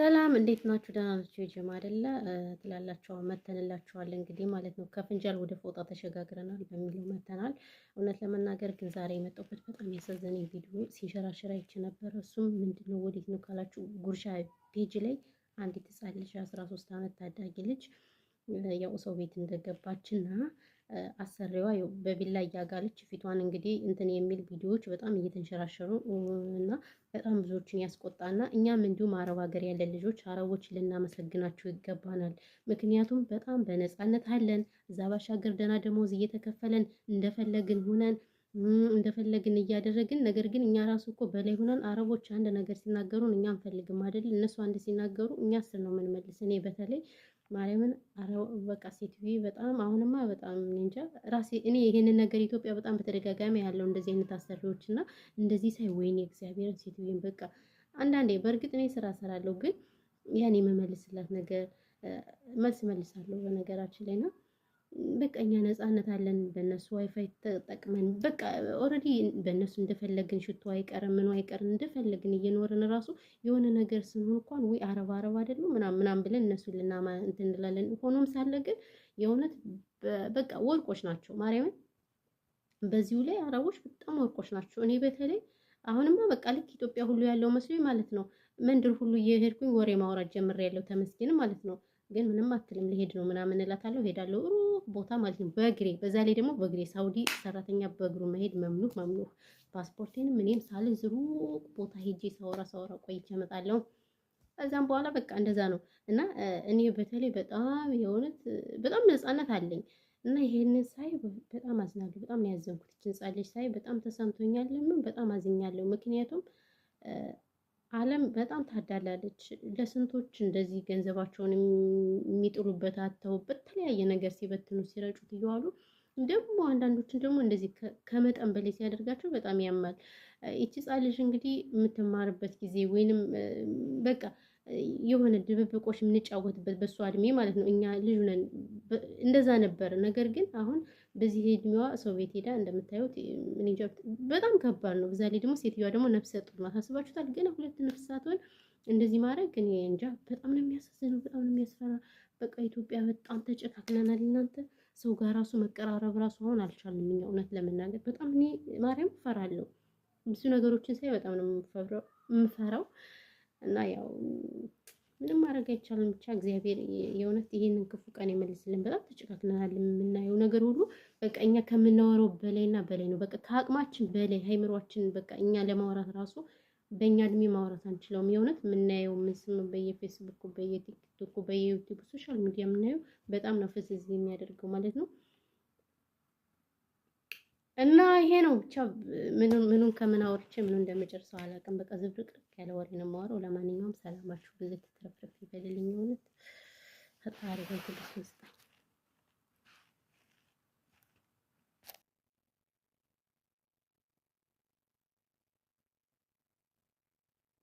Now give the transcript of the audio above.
ሰላም እንዴት ናችሁ? ደህና ናችሁ? ጀማ አይደለ ትላላችሁ መተንላችኋል እንግዲህ ማለት ነው። ከፍንጃል ወደ ፎጣ ተሸጋግረናል በሚለው መተናል። እውነት ለመናገር ግን ዛሬ የመጣሁበት በጣም ያሳዘነኝ ቪዲዮ ሲንሸራሸር አይቼ ነበረ። እሱም ምንድነው ወዴት ነው ካላችሁ ጉርሻ ፔጅ ላይ አንዲት ሕፃን ልጅ አስራ ሶስት አመት ታዳጊ ልጅ ያው ሰው ቤት እንደገባችና አሰሪዋ በቢላ እያጋለች ፊቷን እንግዲህ እንትን የሚል ቪዲዮዎች በጣም እየተንሸራሸሩ እና በጣም ብዙዎችን ያስቆጣና እኛም እንዲሁም አረብ ሀገር ያለን ልጆች አረቦች ልናመሰግናቸው ይገባናል። ምክንያቱም በጣም በነፃነት አለን። እዛ ባሻገር ደህና ደሞዝ እየተከፈለን እንደፈለግን ሆነን እንደፈለግን እያደረግን ነገር ግን እኛ ራሱ እኮ በላይ ሆነን አረቦች አንድ ነገር ሲናገሩን እኛ አንፈልግም አይደል? እነሱ አንድ ሲናገሩ እኛ ስር ነው የምንመልስ። እኔ በተለይ ማርያምን በቃ ሴትዬ በጣም አሁንማ በጣም እንጃ ራሴ እኔ ይሄንን ነገር ኢትዮጵያ በጣም በተደጋጋሚ ያለው እንደዚህ አይነት አሰሪዎች እና እንደዚህ ሳይ ወይኔ እግዚአብሔርን ሴትዬን በቃ አንዳንዴ በእርግጥ እኔ ስራ ሰራለሁ፣ ግን ያን የምመልስላት ነገር መልስ መልሳለሁ በነገራችን ላይ ነው። በቃ እኛ ነፃነት አለን። በእነሱ ዋይፋይ ተጠቅመን በቃ ኦልሬዲ በእነሱ እንደፈለግን ሽቶ አይቀርም ምኑ አይቀርም እንደፈለግን እየኖርን ራሱ የሆነ ነገር ስንሆን እንኳን ወይ አረብ አረብ አይደሉ ምናም ምናም ብለን እነሱ ልናማ እንትን እንላለን። ሆኖም ሳለ ግን የእውነት በቃ ወርቆች ናቸው። ማርያምን በዚሁ ላይ አረቦች በጣም ወርቆች ናቸው። እኔ በተለይ አሁንማ በቃ ልክ ኢትዮጵያ ሁሉ ያለው መስሎኝ ማለት ነው መንደር ሁሉ እየሄድኩኝ ወሬ ማውራት ጀምሬያለሁ። ተመስገን ማለት ነው ግን ምንም አትልም። ሊሄድ ነው ምናምን እላታለሁ። ሄዳለሁ ሩቅ ቦታ ማለት ነው በእግሬ በዛ ላይ ደግሞ በእግሬ ሳውዲ ሰራተኛ በእግሩ መሄድ መምኑህ መምኑህ። ፓስፖርቴንም እኔም ሳልዝ ሩቅ ቦታ ሄጄ ሳወራ ሳወራ ቆይቼ እመጣለሁ። ከዛም በኋላ በቃ እንደዛ ነው እና እኔ በተለይ በጣም የእውነት በጣም ነፃነት አለኝ እና ይሄንን ሳይ በጣም አዝናለሁ። በጣም ያዘንኩት። ይችን ሳይ በጣም ተሰምቶኛል። ምን በጣም አዝኛለሁ። ምክንያቱም አለም በጣም ታዳላለች። ለስንቶች እንደዚህ ገንዘባቸውን የሚጥሉበት አተው በተለያየ ነገር ሲበትኑ ሲረጩት እየዋሉ ደግሞ አንዳንዶችን ደግሞ እንደዚህ ከመጠን በላይ ሲያደርጋቸው በጣም ያማል። ይቺ ልጅ እንግዲህ የምትማርበት ጊዜ ወይንም በቃ የሆነ ድብብቆሽ የምንጫወትበት በሷ እድሜ ማለት ነው። እኛ ልጅ ነን እንደዛ ነበር። ነገር ግን አሁን በዚህ እድሜዋ ሰው ቤት ሄዳ እንደምታዩት በጣም ከባድ ነው። በዛ ላይ ደግሞ ሴትዮዋ ደግሞ ነፍሰ ጡር ናት። አስባችሁታል? ገና ሁለት ነፍሳትን እንደዚህ ማድረግ ግን እንጃ። በጣም ነው የሚያሳዝነው፣ በጣም ነው የሚያስፈራ። በቃ ኢትዮጵያ በጣም ተጨካክለናል። እናንተ ሰው ጋር ራሱ መቀራረብ ራሱ አሁን አልቻልም። እኛ እውነት ለመናገር በጣም እኔ ማርያም እፈራለሁ። ብዙ ነገሮችን ሳይ በጣም ነው የምፈራው እና ያው ምንም ማድረግ አይቻልም። ብቻ እግዚአብሔር የእውነት ይህንን ክፉ ቀን ይመልስልን። በጣም ተጨካክለናል። የምናየው ነገር ሁሉ በቃ እኛ ከምናወራው በላይና በላይ ነው። በቃ ከአቅማችን በላይ ሀይምሯችን በቃ እኛ ለማውራት ራሱ በእኛ እድሜ ማውራት አንችለውም። የእውነት የምናየው ምስም በየፌስቡክ፣ በየቲክቶክ፣ በየዩቲዩብ ሶሻል ሚዲያ የምናየው በጣም ነው ፍዝዝ የሚያደርገው ማለት ነው። እና ይሄ ነው ብቻ። ምኑን ከምን አውርቼ ምኑ እንደምጨርሰው አላውቅም። በቃ ዝብርቅርቅ ያለ ወሬ ነው የማወራው። ለማንኛውም ሰላማችሁ ብዙ ትትረፍረፍ ይበልልኝ። የሆነት ፈጣሪ በትግስት ውስጥ